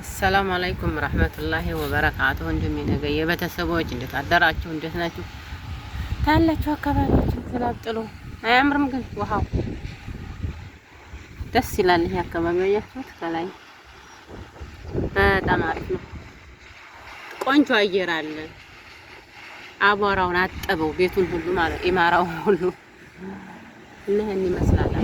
አሰላሙ አለይኩም ረህመቱላሂ ወበረካቱ። እንዲሁም የነገየ ቤተሰቦች እንዴት አደራችሁ? እንዴት ናችሁ? ታያላችሁ አካባቢያችሁ ዝናብ አያምርም፣ ግን ውሃው ደስ ይላል። ይሄ አካባቢ አያችሁት? ከላይ በጣም አሪፍ ነው። ቆንጆ አየር አለ። አቧራውን አጠበው ቤቱን ሁሉ ማለት ኢማራውን ሁሉ ይህን ይመስላል።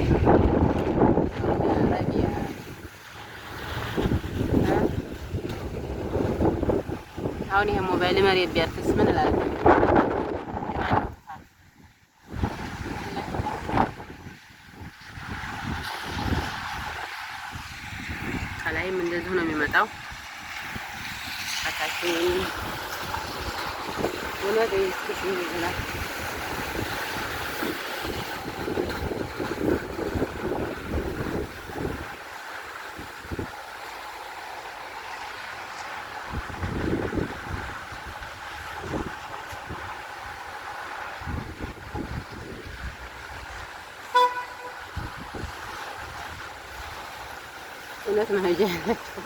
አሁን ይሄ ሞባይል መሬት ቢያርፍስ ምን እላለሁ? ከላይም እንደዚሁ ነው የሚመጣው። አታችን እውነት ስክሽ ይላል። የሌለበት ነው ያላቸው።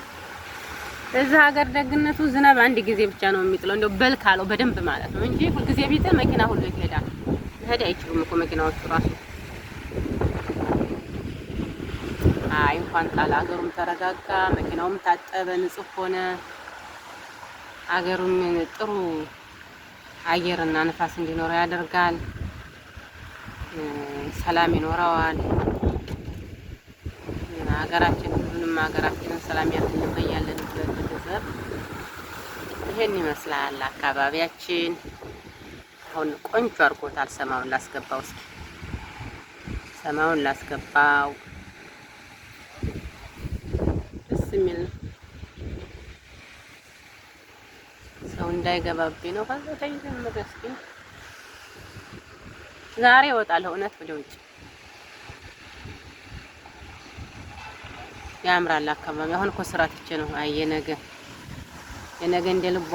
እዛ ሀገር ደግነቱ ዝናብ አንድ ጊዜ ብቻ ነው የሚጥለው፣ እንደው በል በደንብ ማለት ነው እንጂ ሁልጊዜ ቢጥል መኪና ሁሉ ይሄዳል። መሄድ አይችሉም እኮ መኪናዎቹ ራሱ። አይ እንኳን ጣል፣ ሀገሩም ተረጋጋ፣ መኪናውም ታጠበ፣ ንጹህ ሆነ። ሀገሩም ጥሩ አየርና ንፋስ እንዲኖረው ያደርጋል። ሰላም ይኖረዋል ሀገራችን ሀገራችንን ሰላም ያድርግልን። በያለንበት ቤተሰብ ይሄን ይመስላል አካባቢያችን። አሁን ቆንጆ አድርጎታል። ሰማውን ላስገባው እስኪ ሰማውን ላስገባው። ደስ የሚል ሰው እንዳይገባብኝ ነው። ባዘታ ይዘመደ ዛሬ እወጣለሁ እውነት ወደ ውጭ ያምራል አካባቢ። አሁን እኮ ስራ ትቼ ነው። አይ የነገ የነገ እንደ ልቧ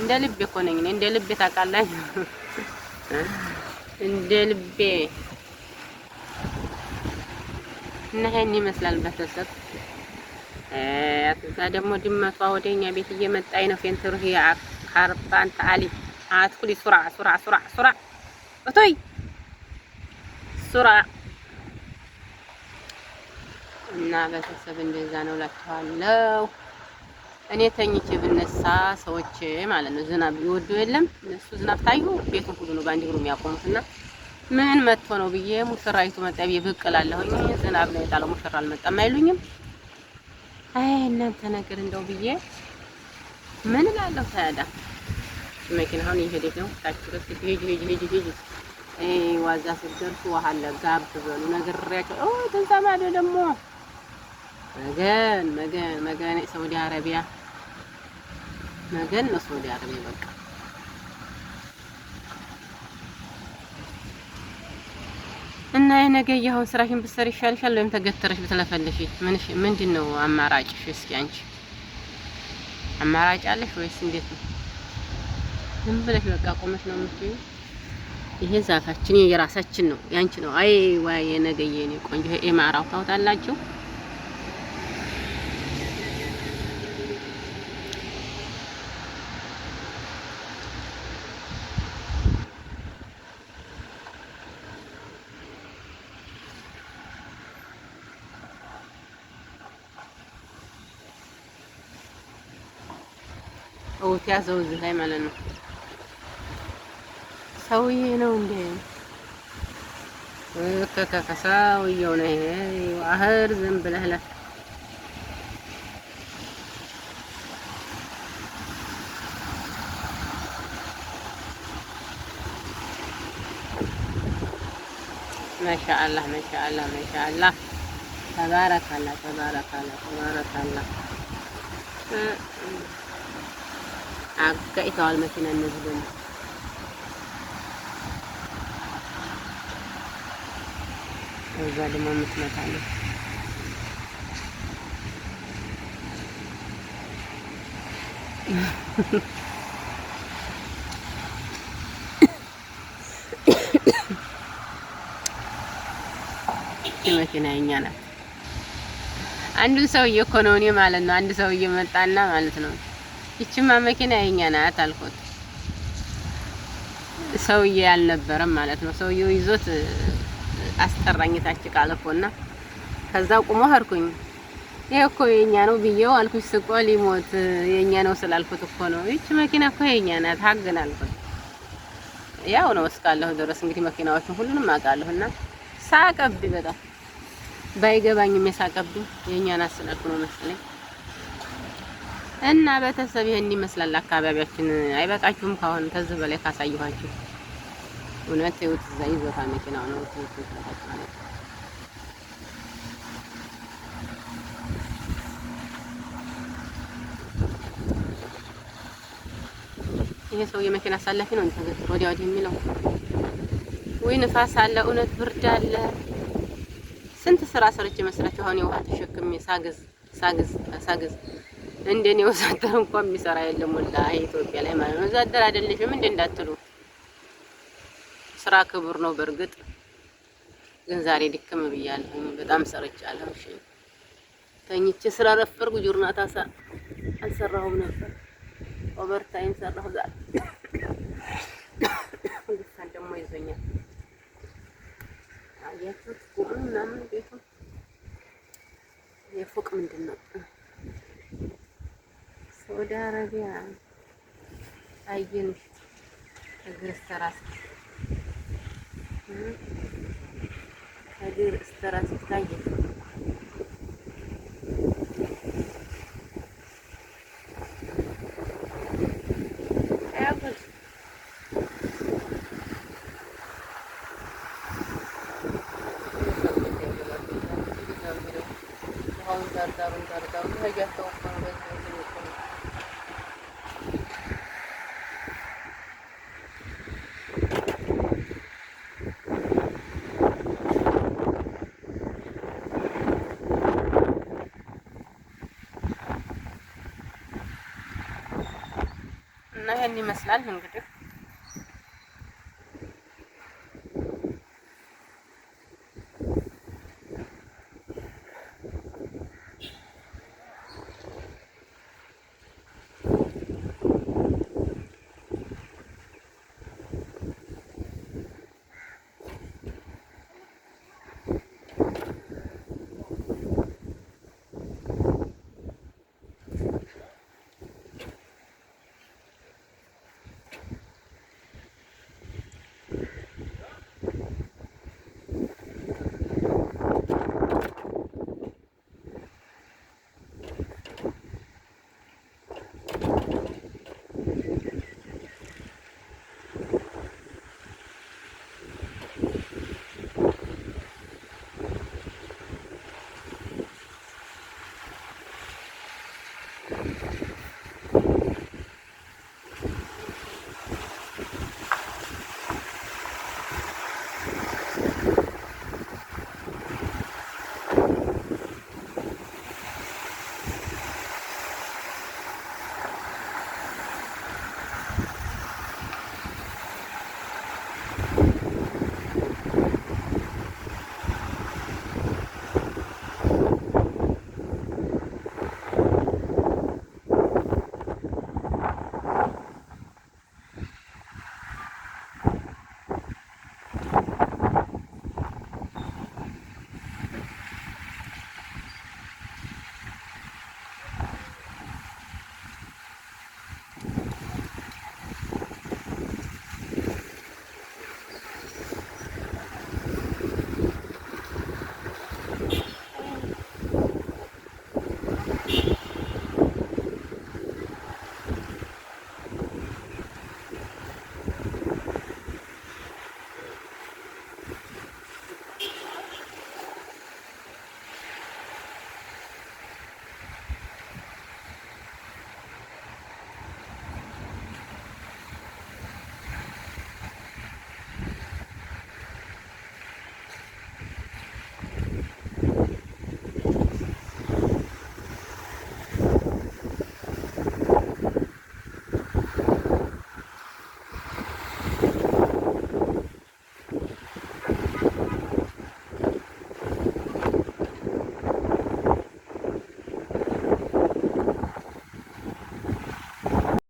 እንደ ልቤ እኮ ነኝ እንደ ልቤ ታውቃላኝ፣ እንደ ልቤ እና ይሄን ይመስላል በተሰብ እዛ ደግሞ ድመቷ ወደኛ ቤት እየመጣኝ ነው። ፌንትሩ ያ ካርባን ታሊ አትኩሊ ሱራ ሱራ ሱራ ሱራ እቶይ ሱራ እና ቤተሰብ እንደዛ ነው እላችኋለሁ። እኔ ተኝቼ ብነሳ ሰዎች ማለት ነው ዝናብ ይወዱ የለም እነሱ ዝናብ ታዩ ቤቱ ሁሉ ነው በአንድ እግሩ የሚያቆሙትና ምን መጥቶ ነው ብዬ ሙሽራይቱ ይቱ መጣ ብዬ ብቅ እላለሁ። ዝናብ ነው የጣለው ሙሽራ አልመጣም አይሉኝም። አይ እናንተ ነገር እንደው ብዬ ምን እላለሁ። ታያዳ መኪና አሁን እየሄደች ነው። ታች ሁለት ሄጅ ሄጅ ሄጅ ሄጅ ዋዛ ስትደርሱ ውሃ ለጋብ በሉ ነግሬያቸው። ኦ ተንሳማ ደግሞ መገን መገን መገን ሳውዲ አረቢያ መገን ነው ሳውዲ አረቢያ በቃ እና የነገ ያሁን ስራሽን ብትሰሪ ይሻልሻል ወይም ተገተረሽ ብትለፈልፊ ምንድን ነው አማራጭሽ? እስኪ አንቺ አማራጭ አለሽ ወይስ እንዴት ነው? ዝም ብለሽ በቃ ቆመሽ ነው የምትዩ? ይሄ ዛፋችን የራሳችን ነው ያንቺ ነው። አይ ወይ የነገ የኔ ቆንጆ ይሄ ማራው ታውታላችሁ ሰውት ያዘውዝ ላይ ማለት ነው። ሰውዬ ነው እንዴ? ከከሰውየው ነው ይሄ አህር ዝም ብለህ ለ ማሻአላህ ማሻአላህ ማሻአላህ ተባረካላ ተባረካላ ተባረካላ አጋጭተዋል መኪና እነዚህ ደግሞ እዛ ደግሞ የምትመታለች መኪና የኛ ናት። አንዱ ሰውዬ እኮ ነው እኔ ማለት ነው። አንድ ሰውዬ መጣና ማለት ነው ይችማ መኪና የኛ ናት አልኩት። ሰውዬ አልነበረም ማለት ነው። ሰውዬው ይዞት አስጠራኝ ታች ቃለፎና ከዛ ቁሞ ሄድኩኝ። ይሄ እኮ የኛ ነው ብዬው አልኩኝ። ስቆ ሊሞት የኛ ነው ስላልኩት እኮ ነው። ይች መኪና እኮ የኛ ናት ሀግን አልኩት። ያው ነው እስካለሁ ድረስ እንግዲህ መኪናዎችን ሁሉንም አውቃለሁ እና ሳቀብኝ። በጣም ባይገባኝም የሳቀብኝ የኛ ናት ስላልኩ ነው መሰለኝ። እና ቤተሰብ ይሄን ይመስላል አካባቢያችን። አይበቃችሁም? ካሁን ከዚህ በላይ ካሳየኋችሁ እውነት ይውት እዛ ይዞታ መኪናው ነው ማለት ይሄ ሰው የመኪና አሳላፊ ነው እንጂ ወዲያ ወዲህ የሚለው ወይ ንፋስ አለ፣ እውነት ብርድ አለ። ስንት ስራ ሰርች መስራች አሁን የውሃ ተሸክሜ ሳግዝ ሳግዝ ሳግዝ እንደኔ ወዛደር እንኳን የሚሰራ የለም ወላ ኢትዮጵያ ላይ ማለት ነው። ወዛደር አይደለሽም እንዴ እንዳትሉ፣ ስራ ክቡር ነው። በእርግጥ ግን ዛሬ ድክም ብያለሁ፣ በጣም ሰርቻለሁ። እሺ ተኝቼ ስራ ረፈርኩ፣ ጆርናታ አልሰራሁም ነበር። ኦቨርታይም ሰራሁ ዛሬ። ጉንፋን ደግሞ ይዞኛል። አያችሁት? ጉም ምናምን ቤቱ የፎቅ ምንድን ነው Saudi Arabia Aijin Hadir seteras hmm. Hadir seteras eh, lagi Tahun-tahun, tahun-tahun, tahun-tahun, tahun እና ይሄን ይመስላል እንግዲህ